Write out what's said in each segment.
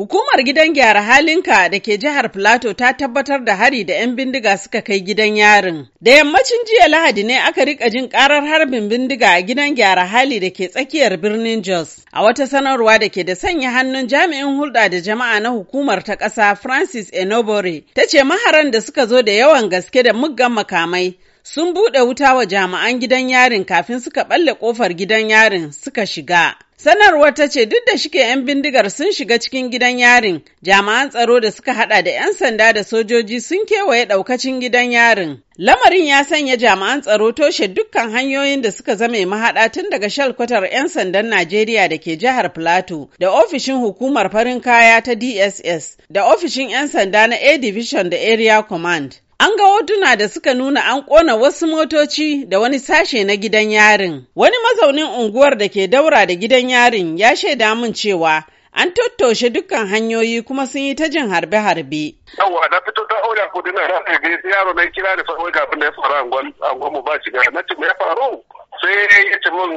Hukumar gidan gyara halinka da ke jihar Filato ta tabbatar da hari da 'yan bindiga suka kai gidan yarin. Da yammacin jiya Lahadi ne aka rika jin karar harbin bindiga a gidan gyara hali da ke tsakiyar birnin Jos. A wata sanarwa da ke da sanya hannun jami'in hulɗa da jama'a na hukumar ta ƙasa Francis Enobore ta ce maharan da suka zo da yawan gaske da muggan makamai sun buɗe wuta wa jami'an gidan yarin kafin suka ɓalle kofar gidan yarin suka shiga. Sanarwar ta ce duk da shike 'yan bindigar sun shiga cikin gidan yarin, jami'an tsaro da suka hada da 'yan sanda da sojoji sun kewaye ɗaukacin gidan yarin. Lamarin ya sanya jami'an tsaro toshe dukkan hanyoyin da suka zame mahaɗa tun daga shalkwatar 'yan sandan Najeriya da ke jihar Plateau da ofishin hukumar farin kaya ta DSS da ofishin 'yan sanda na A Division da Area Command. An ga hotuna da suka nuna an ƙona wasu motoci da wani sashe na gidan yarin. Wani mazaunin unguwar da ke daura da gidan yarin ya shaida min cewa an tattoshe dukkan hanyoyi kuma sun yi ta jin harbe-harbe. Yawwa na fito ta aure ko dina na ga yaro na kira da sauran kafin da ya faru angon angon mu ba shi ga na ce ya faru sai ya ce min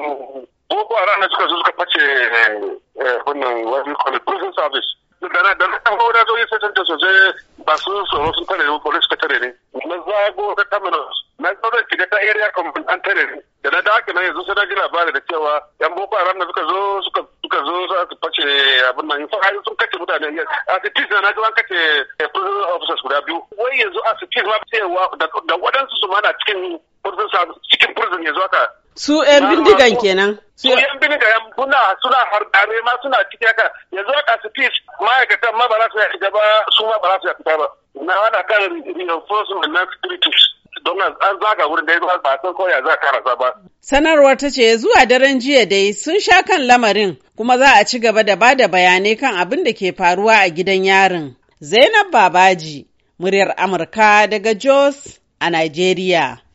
boko haram na suka zo suka face wannan wani prison service. Da na da na ta aure zo yi sai ta sosai ba su tsoro sun tare da police kan an tare da na dawo kenan yanzu sai na ji labari da cewa yan boko haram da suka zo suka suka zo su suka face abin nan sun sun kace mutane ne a cikin na ji an kace eh, prison officers guda biyu wai yanzu a cikin ma cewa da wadansu su ma na cikin prison cikin prison yanzu haka su yan bindigan kenan su yan bindigan suna har dare ma suna cikin haka yanzu haka su fis ma'aikatan ma ba za su yi gaba su ma ba za su yi fita ba na hana kan reinforcement na security don an zaga wurin dai ba san koya za karasa ba. Sanarwar ta ce zuwa daren jiya dai sun sha kan lamarin kuma za a ci gaba da ba da bayanai kan abin da ke faruwa a gidan yarin. Zainab Babaji, muryar Amurka daga Jos a Najeriya.